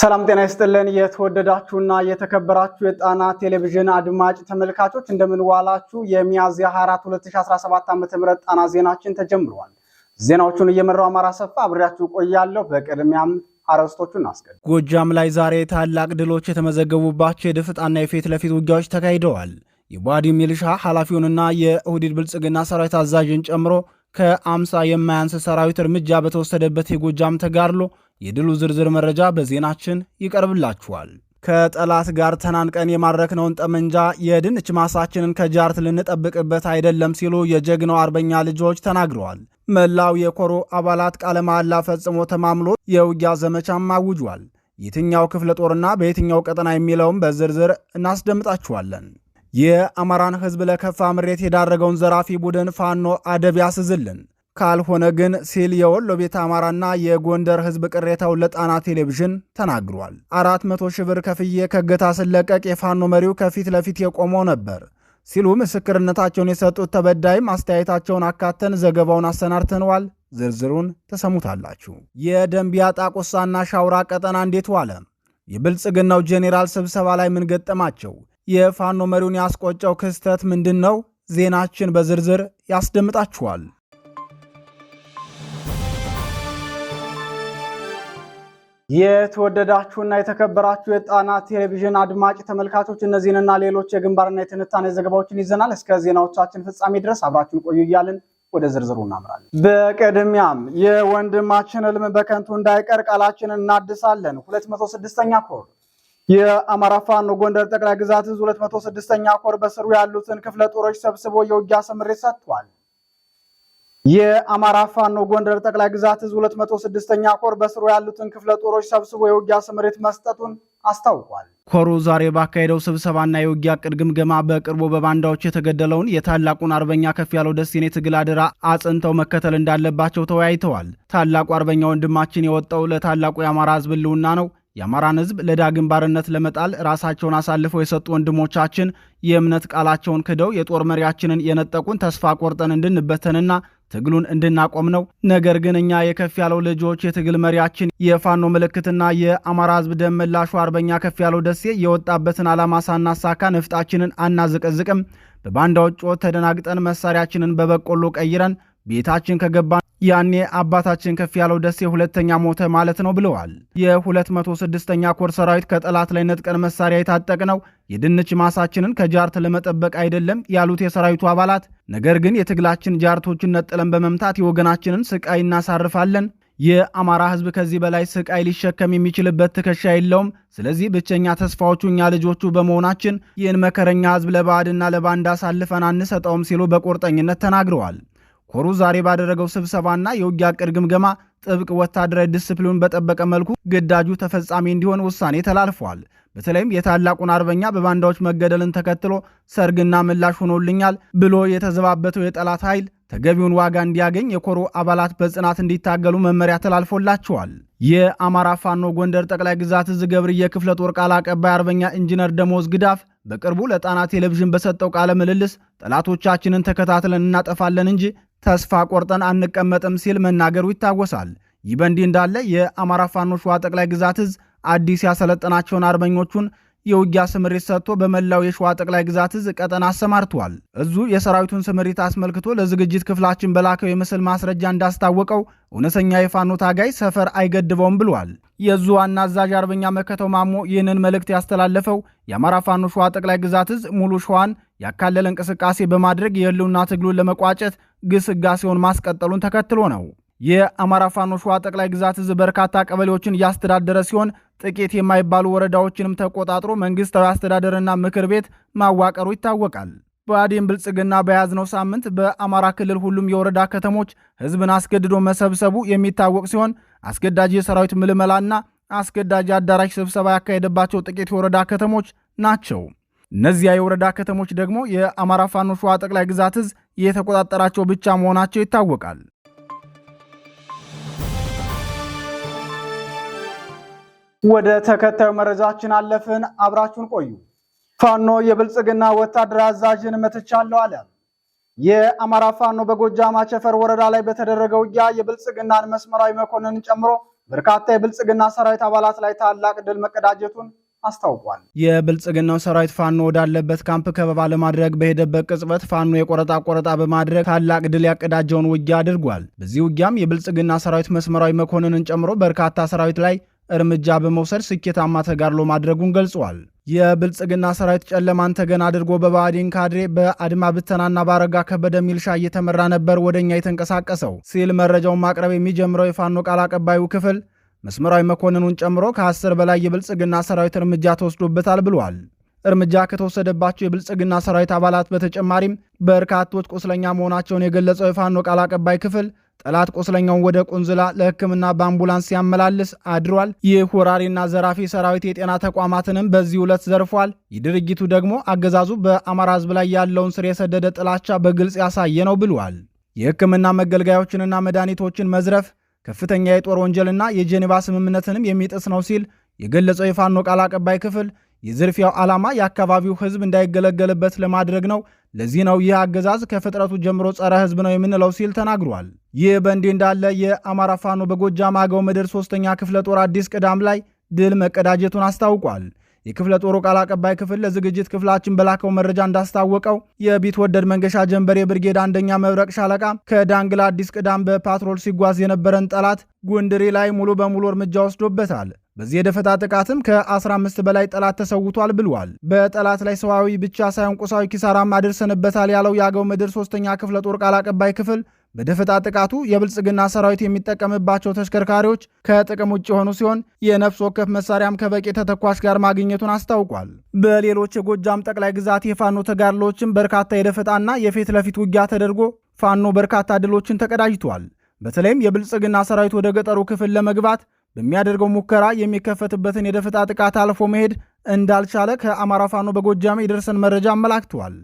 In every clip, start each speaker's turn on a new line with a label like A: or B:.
A: ሰላም ጤና ይስጥልን። የተወደዳችሁና የተከበራችሁ የጣና ቴሌቪዥን አድማጭ ተመልካቾች እንደምንዋላችሁ። የሚያዝያ 24 2017 ዓ.ም ጣና ዜናችን ተጀምሯል። ዜናዎቹን እየመራው አማራ ሰፋ አብሬያችሁ ቆያለሁ። በቅድሚያም አርዕስቶቹን እናስቀድም።
B: ጎጃም ላይ ዛሬ ታላቅ ድሎች የተመዘገቡባቸው የድፍጣና የፊት ለፊት ውጊያዎች ተካሂደዋል። የቧዲ ሚሊሻ ኃላፊውንና የኦህዴድ ብልጽግና ሰራዊት አዛዥን ጨምሮ ከአምሳ የማያንስ ሰራዊት እርምጃ በተወሰደበት የጎጃም ተጋድሎ የድሉ ዝርዝር መረጃ በዜናችን ይቀርብላችኋል። ከጠላት ጋር ተናንቀን የማረክነውን ጠመንጃ የድንች ማሳችንን ከጃርት ልንጠብቅበት አይደለም ሲሉ የጀግናው አርበኛ ልጆች ተናግረዋል። መላው የኮሮ አባላት ቃለ መሐላ ፈጽሞ ተማምሎ የውጊያ ዘመቻም አውጇል። የትኛው ክፍለ ጦርና በየትኛው ቀጠና የሚለውም በዝርዝር እናስደምጣችኋለን። የአማራን ሕዝብ ለከፋ ምሬት የዳረገውን ዘራፊ ቡድን ፋኖ አደብ ያስዝልን። ካልሆነ ግን ሲል የወሎ ቤት አማራና የጎንደር ህዝብ ቅሬታውን ለጣና ቴሌቪዥን ተናግሯል። አራት መቶ ሺህ ብር ከፍዬ ከገታ ስለቀቅ የፋኖ መሪው ከፊት ለፊት የቆመው ነበር ሲሉ ምስክርነታቸውን የሰጡት ተበዳይም አስተያየታቸውን አካተን ዘገባውን አሰናድተነዋል። ዝርዝሩን ተሰሙታላችሁ። የደንቢያ ጣቆሳና ሻውራ ቀጠና እንዴት ዋለ? የብልጽግናው ጄኔራል ስብሰባ ላይ ምን ገጠማቸው? የፋኖ መሪውን ያስቆጨው ክስተት ምንድን ነው? ዜናችን በዝርዝር ያስደምጣችኋል።
A: የተወደዳችሁና የተከበራችሁ የጣና ቴሌቪዥን አድማጭ ተመልካቾች እነዚህንና ሌሎች የግንባርና የትንታኔ ዘገባዎችን ይዘናል። እስከ ዜናዎቻችን ፍጻሜ ድረስ አብራችን ቆዩ እያልን ወደ ዝርዝሩ እናምራለን። በቅድሚያም የወንድማችን ህልም በከንቱ እንዳይቀር ቃላችንን እናድሳለን። 206ኛ ኮር የአማራ ፋኖ ጎንደር ጠቅላይ ግዛት 206ኛ ኮር በስሩ ያሉትን ክፍለ ጦሮች ሰብስቦ የውጊያ ስምሪት ሰጥቷል። የአማራ ፋኖ ጎንደር ጠቅላይ ግዛት እዝ 206ኛ ኮር በስሩ ያሉትን ክፍለ ጦሮች ሰብስቦ የውጊያ ስምሪት መስጠቱን አስታውቋል።
B: ኮሩ ዛሬ ባካሄደው ስብሰባና የውጊያ ቅድ ግምገማ በቅርቡ በባንዳዎች የተገደለውን የታላቁን አርበኛ ከፍ ያለው ደሴኔ ትግል አደራ አጽንተው መከተል እንዳለባቸው ተወያይተዋል። ታላቁ አርበኛ ወንድማችን የወጣው ለታላቁ የአማራ ህዝብ ልውና ነው የአማራን ህዝብ ለዳግም ባርነት ለመጣል ራሳቸውን አሳልፈው የሰጡ ወንድሞቻችን የእምነት ቃላቸውን ክደው የጦር መሪያችንን የነጠቁን ተስፋ ቆርጠን እንድንበተንና ትግሉን እንድናቆም ነው። ነገር ግን እኛ የከፍ ያለው ልጆች የትግል መሪያችን የፋኖ ምልክትና የአማራ ህዝብ ደም መላሹ አርበኛ ከፍ ያለው ደሴ የወጣበትን ዓላማ ሳናሳካ ነፍጣችንን አናዝቀዝቅም። በባንዳዎች ጮት ተደናግጠን መሳሪያችንን በበቆሎ ቀይረን ቤታችን ከገባን ያኔ አባታችን ከፍ ያለው ደሴ ሁለተኛ ሞተ ማለት ነው ብለዋል። የ206ኛ ኮር ሰራዊት ከጠላት ላይ ነጥቀን መሳሪያ ነው የድንች ማሳችንን ከጃርት ለመጠበቅ አይደለም ያሉት የሰራዊቱ አባላት፣ ነገር ግን የትግላችን ጃርቶችን ነጥለን በመምታት የወገናችንን ስቃይ እናሳርፋለን። የአማራ ሕዝብ ከዚህ በላይ ስቃይ ሊሸከም የሚችልበት ትከሻ የለውም። ስለዚህ ብቸኛ ተስፋዎቹ እኛ ልጆቹ በመሆናችን ይህን መከረኛ ሕዝብ ለባዕድና ለባንዳ አሳልፈን አንሰጠውም ሲሉ በቁርጠኝነት ተናግረዋል። ኮሩ ዛሬ ባደረገው ስብሰባና የውጊያ ዕቅድ ግምገማ ጥብቅ ወታደራዊ ዲስፕሊኑን በጠበቀ መልኩ ግዳጁ ተፈጻሚ እንዲሆን ውሳኔ ተላልፏል። በተለይም የታላቁን አርበኛ በባንዳዎች መገደልን ተከትሎ ሰርግና ምላሽ ሆኖልኛል ብሎ የተዘባበተው የጠላት ኃይል ተገቢውን ዋጋ እንዲያገኝ የኮሮ አባላት በጽናት እንዲታገሉ መመሪያ ተላልፎላቸዋል። የአማራ ፋኖ ጎንደር ጠቅላይ ግዛት እዝ ገብርየ ክፍለ ጦር ቃል አቀባይ አርበኛ ኢንጂነር ደሞዝ ግዳፍ በቅርቡ ለጣና ቴሌቪዥን በሰጠው ቃለ ምልልስ ጠላቶቻችንን ተከታትለን እናጠፋለን እንጂ ተስፋ ቆርጠን አንቀመጥም ሲል መናገሩ ይታወሳል። ይህ በእንዲህ እንዳለ የአማራ ፋኖ ሸዋ ጠቅላይ ግዛት እዝ አዲስ ያሰለጠናቸውን አርበኞቹን የውጊያ ስምሪት ሰጥቶ በመላው የሸዋ ጠቅላይ ግዛት እዝ ቀጠና አሰማርተዋል። እዙ የሰራዊቱን ስምሪት አስመልክቶ ለዝግጅት ክፍላችን በላከው የምስል ማስረጃ እንዳስታወቀው እውነተኛ የፋኖ ታጋይ ሰፈር አይገድበውም ብሏል። የእዙ ዋና አዛዥ አርበኛ መከተው ማሞ ይህንን መልእክት ያስተላለፈው የአማራ ፋኖ ሸዋ ጠቅላይ ግዛት እዝ ሙሉ ሸዋን ያካለለ እንቅስቃሴ በማድረግ የህልውና ትግሉን ለመቋጨት ግስጋሴውን ማስቀጠሉን ተከትሎ ነው። የአማራ ፋኖ ሸዋ ጠቅላይ ግዛት እዝ በርካታ ቀበሌዎችን እያስተዳደረ ሲሆን ጥቂት የማይባሉ ወረዳዎችንም ተቆጣጥሮ መንግስታዊ አስተዳደርና ምክር ቤት ማዋቀሩ ይታወቃል። ብአዴን ብልጽግና በያዝነው ሳምንት በአማራ ክልል ሁሉም የወረዳ ከተሞች ህዝብን አስገድዶ መሰብሰቡ የሚታወቅ ሲሆን አስገዳጅ የሰራዊት ምልመላና አስገዳጅ አዳራሽ ስብሰባ ያካሄደባቸው ጥቂት የወረዳ ከተሞች ናቸው። እነዚያ የወረዳ ከተሞች ደግሞ የአማራ ፋኖ ሸዋ ጠቅላይ ግዛት እዝ የተቆጣጠራቸው ብቻ መሆናቸው ይታወቃል።
A: ወደ ተከታዩ መረጃችን አለፍን። አብራችሁን ቆዩ። ፋኖ የብልጽግና ወታደር አዛዥን መትቻለሁ አለ። የአማራ ፋኖ በጎጃ ማቸፈር ወረዳ ላይ በተደረገው ውጊያ የብልጽግናን መስመራዊ መኮንንን ጨምሮ በርካታ የብልጽግና ሰራዊት አባላት ላይ ታላቅ ድል መቀዳጀቱን አስታውቋል።
B: የብልጽግናው ሰራዊት ፋኖ ወዳለበት ካምፕ ከበባ ለማድረግ በሄደበት ቅጽበት ፋኖ የቆረጣ ቆረጣ በማድረግ ታላቅ ድል ያቀዳጀውን ውጊያ አድርጓል። በዚህ ውጊያም የብልጽግና ሰራዊት መስመራዊ መኮንንን ጨምሮ በርካታ ሰራዊት ላይ እርምጃ በመውሰድ ስኬታማ ተጋድሎ ማድረጉን ገልጿል። የብልጽግና ሰራዊት ጨለማን ተገን አድርጎ በባዕዴን ካድሬ በአድማ ብተናና በአረጋ ከበደ ሚልሻ እየተመራ ነበር ወደኛ የተንቀሳቀሰው ሲል መረጃውን ማቅረብ የሚጀምረው የፋኖ ቃል አቀባዩ ክፍል መስመራዊ መኮንኑን ጨምሮ ከአስር በላይ የብልጽግና ሰራዊት እርምጃ ተወስዶበታል ብሏል። እርምጃ ከተወሰደባቸው የብልጽግና ሰራዊት አባላት በተጨማሪም በርካቶች ቁስለኛ መሆናቸውን የገለጸው የፋኖ ቃል አቀባይ ክፍል ጠላት ቁስለኛውን ወደ ቁንዝላ ለሕክምና በአምቡላንስ ሲያመላልስ አድሯል። ይህ ወራሪና ዘራፊ ሰራዊት የጤና ተቋማትንም በዚህ ዕለት ዘርፏል። ይህ ድርጊቱ ደግሞ አገዛዙ በአማራ ሕዝብ ላይ ያለውን ስር የሰደደ ጥላቻ በግልጽ ያሳየ ነው ብሏል። የሕክምና መገልገያዎችንና መድኃኒቶችን መዝረፍ ከፍተኛ የጦር ወንጀልና የጄኔቫ ስምምነትንም የሚጥስ ነው ሲል የገለጸው የፋኖ ቃል አቀባይ ክፍል የዝርፊያው ዓላማ የአካባቢው ሕዝብ እንዳይገለገልበት ለማድረግ ነው። ለዚህ ነው ይህ አገዛዝ ከፍጥረቱ ጀምሮ ጸረ ሕዝብ ነው የምንለው ሲል ተናግሯል። ይህ በእንዲህ እንዳለ የአማራ ፋኖ በጎጃም አገው ምድር ሶስተኛ ክፍለ ጦር አዲስ ቅዳም ላይ ድል መቀዳጀቱን አስታውቋል። የክፍለ ጦሩ ቃል አቀባይ ክፍል ለዝግጅት ክፍላችን በላከው መረጃ እንዳስታወቀው የቢትወደድ መንገሻ ጀንበሬ ብርጌድ አንደኛ መብረቅ ሻለቃ ከዳንግላ አዲስ ቅዳም በፓትሮል ሲጓዝ የነበረን ጠላት ጉንድሪ ላይ ሙሉ በሙሉ እርምጃ ወስዶበታል። በዚህ የደፈጣ ጥቃትም ከ15 በላይ ጠላት ተሰውቷል ብሏል። በጠላት ላይ ሰዋዊ ብቻ ሳይሆን ቁሳዊ ኪሳራም አድርሰንበታል ያለው የአገው ምድር ሶስተኛ ክፍለ ጦር ቃል አቀባይ ክፍል በደፈጣ ጥቃቱ የብልጽግና ሰራዊት የሚጠቀምባቸው ተሽከርካሪዎች ከጥቅም ውጭ የሆኑ ሲሆን የነፍስ ወከፍ መሳሪያም ከበቂ ተተኳሽ ጋር ማግኘቱን አስታውቋል። በሌሎች የጎጃም ጠቅላይ ግዛት የፋኖ ተጋድሎዎችም በርካታ የደፈጣና የፊት ለፊት ውጊያ ተደርጎ ፋኖ በርካታ ድሎችን ተቀዳጅቷል። በተለይም የብልጽግና ሰራዊት ወደ ገጠሩ ክፍል ለመግባት በሚያደርገው ሙከራ የሚከፈትበትን የደፈጣ ጥቃት አልፎ መሄድ እንዳልቻለ ከአማራ ፋኖ በጎጃም የደርሰን መረጃ አመላክተዋል።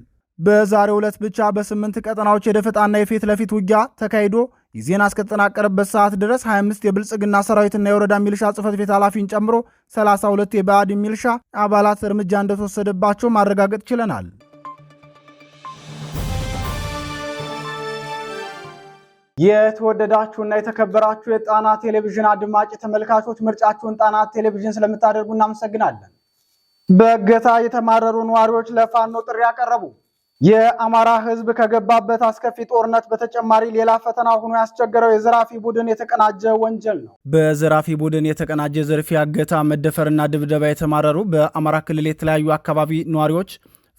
B: በዛሬው ዕለት ብቻ በስምንት ቀጠናዎች የደፈጣና የፊት ለፊት ውጊያ ተካሂዶ የዜና እስከተጠናቀረበት ሰዓት ድረስ 25 የብልጽግና ሰራዊትና የወረዳ ሚልሻ ጽህፈት ቤት ኃላፊን ጨምሮ 32 የባዕድ ሚልሻ አባላት እርምጃ እንደተወሰደባቸው ማረጋገጥ ችለናል።
A: የተወደዳችሁና የተከበራችሁ የጣና ቴሌቪዥን አድማጭ ተመልካቾች ምርጫችሁን ጣና ቴሌቪዥን ስለምታደርጉ እናመሰግናለን። በእገታ የተማረሩ ነዋሪዎች ለፋኖ ጥሪ ያቀረቡ የአማራ ህዝብ ከገባበት አስከፊ ጦርነት በተጨማሪ ሌላ ፈተና ሆኖ ያስቸገረው የዘራፊ ቡድን የተቀናጀ ወንጀል ነው።
B: በዘራፊ ቡድን የተቀናጀ ዝርፊያ፣ እገታ፣ መደፈርና ድብደባ የተማረሩ በአማራ ክልል የተለያዩ አካባቢ ነዋሪዎች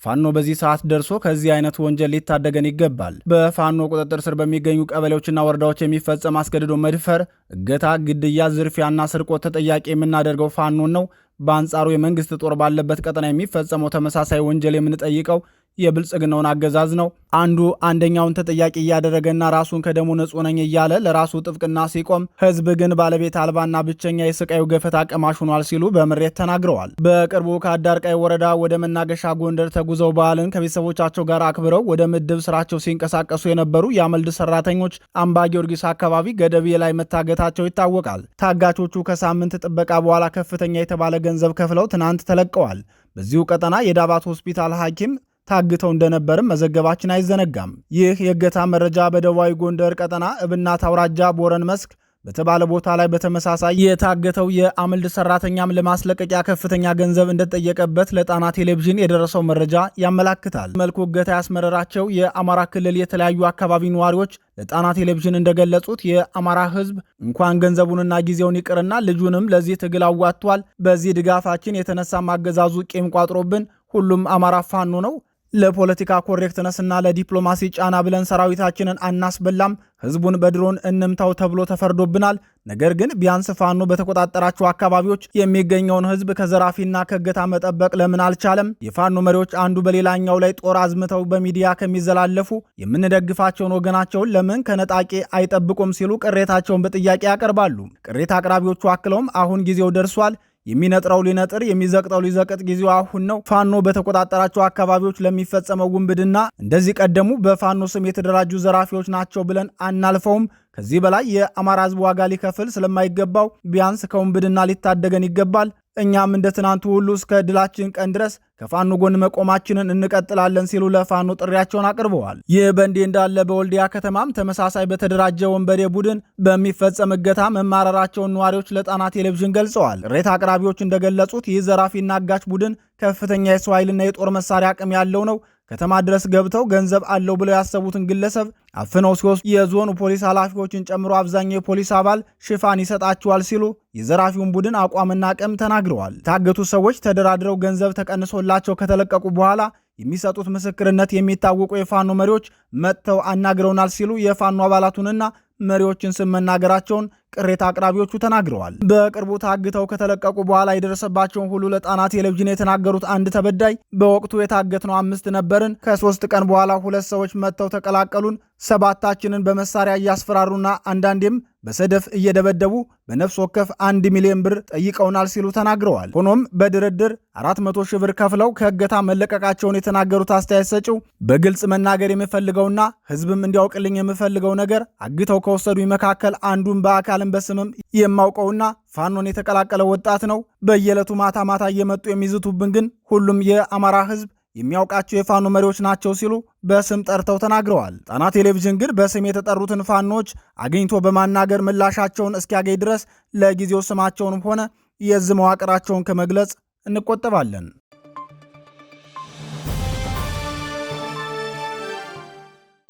B: ፋኖ በዚህ ሰዓት ደርሶ ከዚህ አይነት ወንጀል ሊታደገን ይገባል። በፋኖ ቁጥጥር ስር በሚገኙ ቀበሌዎችና ወረዳዎች የሚፈጸም አስገድዶ መድፈር፣ እገታ፣ ግድያ፣ ዝርፊያና ስርቆት ተጠያቂ የምናደርገው ፋኖን ነው። በአንጻሩ የመንግስት ጦር ባለበት ቀጠና የሚፈጸመው ተመሳሳይ ወንጀል የምንጠይቀው የብልጽግናውን አገዛዝ ነው። አንዱ አንደኛውን ተጠያቂ እያደረገና ራሱን ከደሙ ንጹሕ ነኝ እያለ ለራሱ ጥብቅና ሲቆም፣ ህዝብ ግን ባለቤት አልባና ብቸኛ የስቃዩ ገፈት አቀማሽ ሆኗል ሲሉ በምሬት ተናግረዋል። በቅርቡ ከአዳርቃይ ወረዳ ወደ መናገሻ ጎንደር ተጉዘው በዓልን ከቤተሰቦቻቸው ጋር አክብረው ወደ ምድብ ስራቸው ሲንቀሳቀሱ የነበሩ የአመልድ ሰራተኞች አምባ ጊዮርጊስ አካባቢ ገደቤ ላይ መታገታቸው ይታወቃል። ታጋቾቹ ከሳምንት ጥበቃ በኋላ ከፍተኛ የተባለ ገንዘብ ከፍለው ትናንት ተለቀዋል። በዚሁ ቀጠና የዳባት ሆስፒታል ሐኪም ታግተው እንደነበርም መዘገባችን አይዘነጋም። ይህ የእገታ መረጃ በደቡባዊ ጎንደር ቀጠና እብናት አውራጃ ቦረን መስክ በተባለ ቦታ ላይ በተመሳሳይ የታገተው የአምልድ ሰራተኛም ለማስለቀቂያ ከፍተኛ ገንዘብ እንደተጠየቀበት ለጣና ቴሌቪዥን የደረሰው መረጃ ያመላክታል። መልኩ እገታ ያስመረራቸው የአማራ ክልል የተለያዩ አካባቢ ነዋሪዎች ለጣና ቴሌቪዥን እንደገለጹት የአማራ ሕዝብ እንኳን ገንዘቡንና ጊዜውን ይቅርና ልጁንም ለዚህ ትግል አዋጥቷል። በዚህ ድጋፋችን የተነሳ ማገዛዙ ቂም ቋጥሮብን ሁሉም አማራ ፋኖ ነው ለፖለቲካ ኮሬክትነስና ለዲፕሎማሲ ጫና ብለን ሰራዊታችንን አናስበላም፣ ህዝቡን በድሮን እንምታው ተብሎ ተፈርዶብናል። ነገር ግን ቢያንስ ፋኖ በተቆጣጠራቸው አካባቢዎች የሚገኘውን ህዝብ ከዘራፊና ከእገታ መጠበቅ ለምን አልቻለም? የፋኖ መሪዎች አንዱ በሌላኛው ላይ ጦር አዝምተው በሚዲያ ከሚዘላለፉ የምንደግፋቸውን ወገናቸውን ለምን ከነጣቂ አይጠብቁም? ሲሉ ቅሬታቸውን በጥያቄ ያቀርባሉ። ቅሬታ አቅራቢዎቹ አክለውም አሁን ጊዜው ደርሷል የሚነጥረው ሊነጥር የሚዘቅጠው ሊዘቅጥ ጊዜው አሁን ነው። ፋኖ በተቆጣጠራቸው አካባቢዎች ለሚፈጸመው ውንብድና እንደዚህ ቀደሙ በፋኖ ስም የተደራጁ ዘራፊዎች ናቸው ብለን አናልፈውም። ከዚህ በላይ የአማራ ሕዝብ ዋጋ ሊከፍል ስለማይገባው ቢያንስ ከውንብድና ሊታደገን ይገባል። እኛም እንደ ትናንቱ ሁሉ እስከ ድላችን ቀን ድረስ ከፋኖ ጎን መቆማችንን እንቀጥላለን ሲሉ ለፋኖ ጥሪያቸውን አቅርበዋል። ይህ በእንዲህ እንዳለ በወልዲያ ከተማም ተመሳሳይ በተደራጀ ወንበዴ ቡድን በሚፈጸም እገታ መማረራቸውን ነዋሪዎች ለጣና ቴሌቪዥን ገልጸዋል። ሬት አቅራቢዎች እንደገለጹት ይህ ዘራፊና አጋች ቡድን ከፍተኛ የሰው ኃይልና የጦር መሳሪያ አቅም ያለው ነው። ከተማ ድረስ ገብተው ገንዘብ አለው ብለው ያሰቡትን ግለሰብ አፍነው ሲወስዱ የዞኑ ፖሊስ ኃላፊዎችን ጨምሮ አብዛኛው የፖሊስ አባል ሽፋን ይሰጣቸዋል ሲሉ የዘራፊውን ቡድን አቋምና አቅም ተናግረዋል። የታገቱ ሰዎች ተደራድረው ገንዘብ ተቀንሶላቸው ከተለቀቁ በኋላ የሚሰጡት ምስክርነት የሚታወቁ የፋኖ መሪዎች መጥተው አናግረውናል ሲሉ የፋኖ አባላቱንና መሪዎችን ስም መናገራቸውን ቅሬታ አቅራቢዎቹ ተናግረዋል። በቅርቡ ታግተው ከተለቀቁ በኋላ የደረሰባቸውን ሁሉ ለጣና ቴሌቪዥን የተናገሩት አንድ ተበዳይ በወቅቱ የታገትነው አምስት ነበርን። ከሶስት ቀን በኋላ ሁለት ሰዎች መጥተው ተቀላቀሉን። ሰባታችንን በመሳሪያ እያስፈራሩና አንዳንዴም በሰደፍ እየደበደቡ በነፍስ ወከፍ አንድ ሚሊዮን ብር ጠይቀውናል ሲሉ ተናግረዋል። ሆኖም በድርድር 400 ሺህ ብር ከፍለው ከእገታ መለቀቃቸውን የተናገሩት አስተያየት ሰጪው በግልጽ መናገር የምፈልገውና ሕዝብም እንዲያውቅልኝ የምፈልገው ነገር አግተው ከወሰዱኝ መካከል አንዱን በአካል ስም በስምም የማውቀውና ፋኖን የተቀላቀለ ወጣት ነው። በየዕለቱ ማታ ማታ እየመጡ የሚዝቱብን ግን ሁሉም የአማራ ህዝብ የሚያውቃቸው የፋኖ መሪዎች ናቸው ሲሉ በስም ጠርተው ተናግረዋል። ጣና ቴሌቪዥን ግን በስም የተጠሩትን ፋኖች አግኝቶ በማናገር ምላሻቸውን እስኪያገኝ ድረስ ለጊዜው ስማቸውንም ሆነ የዝ መዋቅራቸውን ከመግለጽ እንቆጠባለን።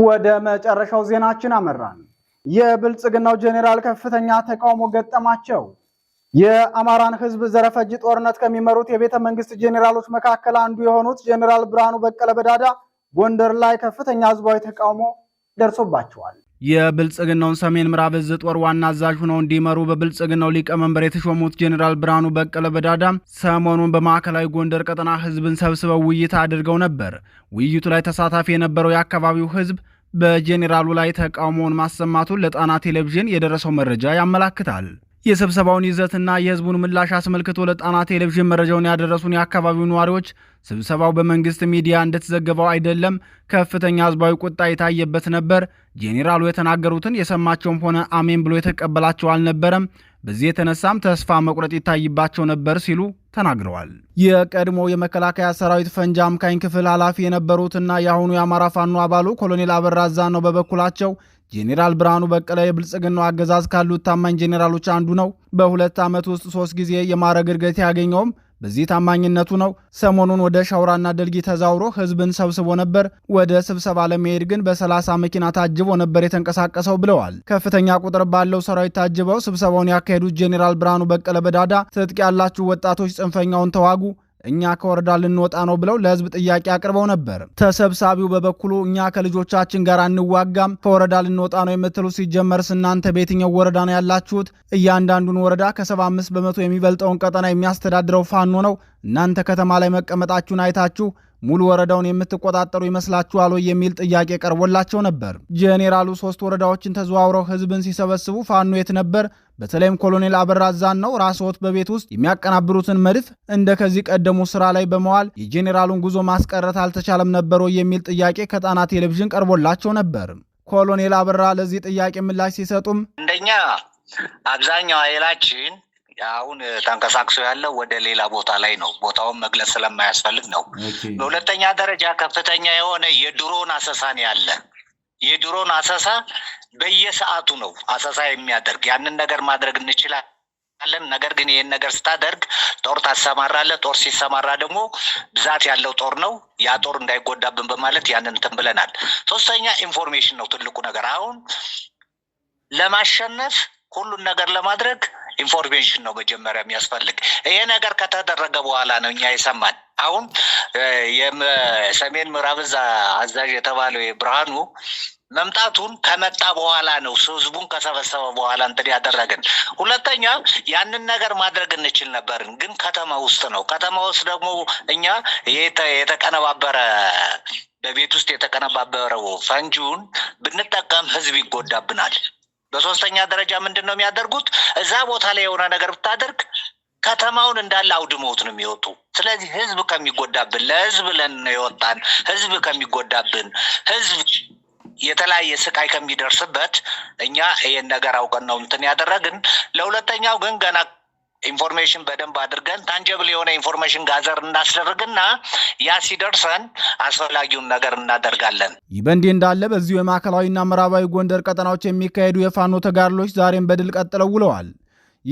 A: ወደ መጨረሻው ዜናችን አመራን። የብልጽግናው ጄኔራል ከፍተኛ ተቃውሞ ገጠማቸው። የአማራን ህዝብ ዘረፈጅ ጦርነት ከሚመሩት የቤተ መንግስት ጄኔራሎች መካከል አንዱ የሆኑት ጄኔራል ብርሃኑ በቀለ በዳዳ ጎንደር ላይ ከፍተኛ ህዝባዊ ተቃውሞ ደርሶባቸዋል።
B: የብልጽግናውን ሰሜን ምዕራብ እዝ ጦር ዋና አዛዥ ሆነው እንዲመሩ በብልጽግናው ሊቀመንበር የተሾሙት ጄኔራል ብርሃኑ በቀለ በዳዳ ሰሞኑን በማዕከላዊ ጎንደር ቀጠና ህዝብን ሰብስበው ውይይት አድርገው ነበር። ውይይቱ ላይ ተሳታፊ የነበረው የአካባቢው ህዝብ በጄኔራሉ ላይ ተቃውሞውን ማሰማቱን ለጣና ቴሌቪዥን የደረሰው መረጃ ያመላክታል። የስብሰባውን ይዘትና የህዝቡን ምላሽ አስመልክቶ ለጣና ቴሌቪዥን መረጃውን ያደረሱን የአካባቢው ነዋሪዎች ስብሰባው በመንግስት ሚዲያ እንደተዘገበው አይደለም፣ ከፍተኛ ህዝባዊ ቁጣ የታየበት ነበር። ጄኔራሉ የተናገሩትን የሰማቸውም ሆነ አሜን ብሎ የተቀበላቸው አልነበረም። በዚህ የተነሳም ተስፋ መቁረጥ ይታይባቸው ነበር ሲሉ ተናግረዋል። የቀድሞ የመከላከያ ሰራዊት ፈንጂ አምካኝ ክፍል ኃላፊ የነበሩትና የአሁኑ የአማራ ፋኖ አባሉ ኮሎኔል አበራዛ ነው በበኩላቸው ጄኔራል ብርሃኑ በቀለ የብልጽግናው አገዛዝ ካሉት ታማኝ ጄኔራሎች አንዱ ነው። በሁለት ዓመት ውስጥ ሶስት ጊዜ የማዕረግ እድገት ያገኘውም በዚህ ታማኝነቱ ነው ሰሞኑን ወደ ሻውራና ደልጊ ተዛውሮ ህዝብን ሰብስቦ ነበር። ወደ ስብሰባ ለመሄድ ግን በሰላሳ መኪና ታጅቦ ነበር የተንቀሳቀሰው ብለዋል። ከፍተኛ ቁጥር ባለው ሰራዊት ታጅበው ስብሰባውን ያካሄዱት ጄኔራል ብርሃኑ በቀለ በዳዳ ትጥቅ ያላችሁ ወጣቶች ጽንፈኛውን ተዋጉ እኛ ከወረዳ ልንወጣ ነው ብለው ለህዝብ ጥያቄ አቅርበው ነበር። ተሰብሳቢው በበኩሉ እኛ ከልጆቻችን ጋር አንዋጋም፣ ከወረዳ ልንወጣ ነው የምትሉ ሲጀመርስ እናንተ በየትኛው ወረዳ ነው ያላችሁት? እያንዳንዱን ወረዳ ከ75 በመቶ የሚበልጠውን ቀጠና የሚያስተዳድረው ፋኖ ነው እናንተ ከተማ ላይ መቀመጣችሁን አይታችሁ ሙሉ ወረዳውን የምትቆጣጠሩ ይመስላችኋል ወይ የሚል ጥያቄ ቀርቦላቸው ነበር። ጄኔራሉ ሶስት ወረዳዎችን ተዘዋውረው ህዝብን ሲሰበስቡ ፋኖ የት ነበር? በተለይም ኮሎኔል አበራዛን ነው ራስዎት በቤት ውስጥ የሚያቀናብሩትን መድፍ እንደ ከዚህ ቀደሙ ስራ ላይ በመዋል የጄኔራሉን ጉዞ ማስቀረት አልተቻለም ነበር ወይ የሚል ጥያቄ ከጣና ቴሌቪዥን ቀርቦላቸው ነበር። ኮሎኔል አበራ ለዚህ ጥያቄ ምላሽ ሲሰጡም፣
C: እንደኛ አብዛኛው ኃይላችን አሁን ተንቀሳቅሶ ያለው ወደ ሌላ ቦታ ላይ ነው። ቦታውን መግለጽ ስለማያስፈልግ ነው። በሁለተኛ ደረጃ ከፍተኛ የሆነ የድሮን አሰሳን ያለ የድሮን አሰሳ በየሰዓቱ ነው አሰሳ የሚያደርግ ያንን ነገር ማድረግ እንችላለን አለን ነገር ግን ይህን ነገር ስታደርግ ጦር ታሰማራለ ጦር ሲሰማራ ደግሞ ብዛት ያለው ጦር ነው። ያ ጦር እንዳይጎዳብን በማለት ያንን እንትን ብለናል። ሶስተኛ ኢንፎርሜሽን ነው ትልቁ ነገር። አሁን ለማሸነፍ ሁሉን ነገር ለማድረግ ኢንፎርሜሽን ነው መጀመሪያ የሚያስፈልግ። ይሄ ነገር ከተደረገ በኋላ ነው እኛ የሰማን። አሁን የሰሜን ምዕራብ አዛዥ የተባለው የብርሃኑ መምጣቱን ከመጣ በኋላ ነው ህዝቡን ከሰበሰበ በኋላ እንትን ያደረግን። ሁለተኛ ያንን ነገር ማድረግ እንችል ነበርን፣ ግን ከተማ ውስጥ ነው። ከተማ ውስጥ ደግሞ እኛ የተቀነባበረ በቤት ውስጥ የተቀነባበረው ፈንጂውን ብንጠቀም ህዝብ ይጎዳብናል። በሶስተኛ ደረጃ ምንድን ነው የሚያደርጉት? እዛ ቦታ ላይ የሆነ ነገር ብታደርግ ከተማውን እንዳለ አውድመውት ነው የሚወጡ። ስለዚህ ህዝብ ከሚጎዳብን ለህዝብ ለን የወጣን። ህዝብ ከሚጎዳብን ህዝብ የተለያየ ስቃይ ከሚደርስበት እኛ ይህን ነገር አውቀን ነው እንትን ያደረግን። ለሁለተኛው ግን ገና ኢንፎርሜሽን በደንብ አድርገን ታንጀብል የሆነ ኢንፎርሜሽን ጋዘር እናስደርግና ያ ሲደርሰን አስፈላጊውን ነገር እናደርጋለን።
B: ይህ በእንዲህ እንዳለ በዚሁ የማዕከላዊና ምዕራባዊ ጎንደር ቀጠናዎች የሚካሄዱ የፋኖ ተጋድሎች ዛሬም በድል ቀጥለው ውለዋል።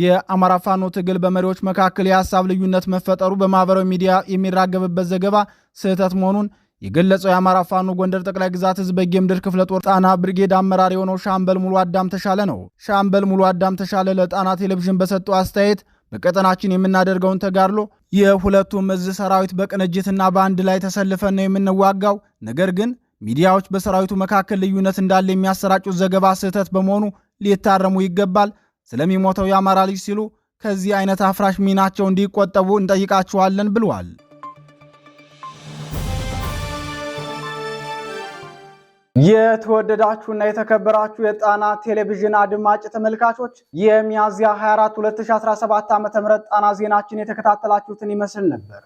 B: የአማራ ፋኖ ትግል በመሪዎች መካከል የሀሳብ ልዩነት መፈጠሩ በማህበራዊ ሚዲያ የሚራገብበት ዘገባ ስህተት መሆኑን የገለጸው የአማራ ፋኖ ጎንደር ጠቅላይ ግዛት ህዝብ በጌምድር ክፍለ ጦር ጣና ብርጌድ አመራር የሆነው ሻምበል ሙሉ አዳም ተሻለ ነው። ሻምበል ሙሉ አዳም ተሻለ ለጣና ቴሌቪዥን በሰጠው አስተያየት በቀጠናችን የምናደርገውን ተጋድሎ የሁለቱም እዝ ሰራዊት በቅንጅትና በአንድ ላይ ተሰልፈን ነው የምንዋጋው። ነገር ግን ሚዲያዎች በሰራዊቱ መካከል ልዩነት እንዳለ የሚያሰራጩት ዘገባ ስህተት በመሆኑ ሊታረሙ ይገባል። ስለሚሞተው የአማራ ልጅ ሲሉ ከዚህ አይነት አፍራሽ ሚናቸው እንዲቆጠቡ እንጠይቃችኋለን ብለዋል።
A: የተወደዳችሁና የተከበራችሁ የጣና ቴሌቪዥን አድማጭ ተመልካቾች የሚያዝያ 24 2017 ዓ.ም ጣና ዜናችን የተከታተላችሁትን ይመስል ነበር።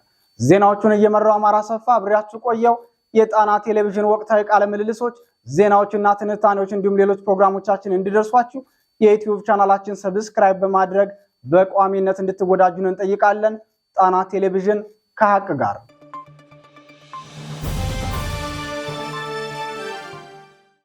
A: ዜናዎቹን እየመራው አማራ ሰፋ አብሬያችሁ ቆየው። የጣና ቴሌቪዥን ወቅታዊ ቃለ ምልልሶች፣ ዜናዎችና ትንታኔዎች እንዲሁም ሌሎች ፕሮግራሞቻችን እንዲደርሷችሁ የዩትዩብ ቻናላችን ሰብስክራይብ በማድረግ በቋሚነት እንድትወዳጁን እንጠይቃለን። ጣና ቴሌቪዥን ከሀቅ ጋር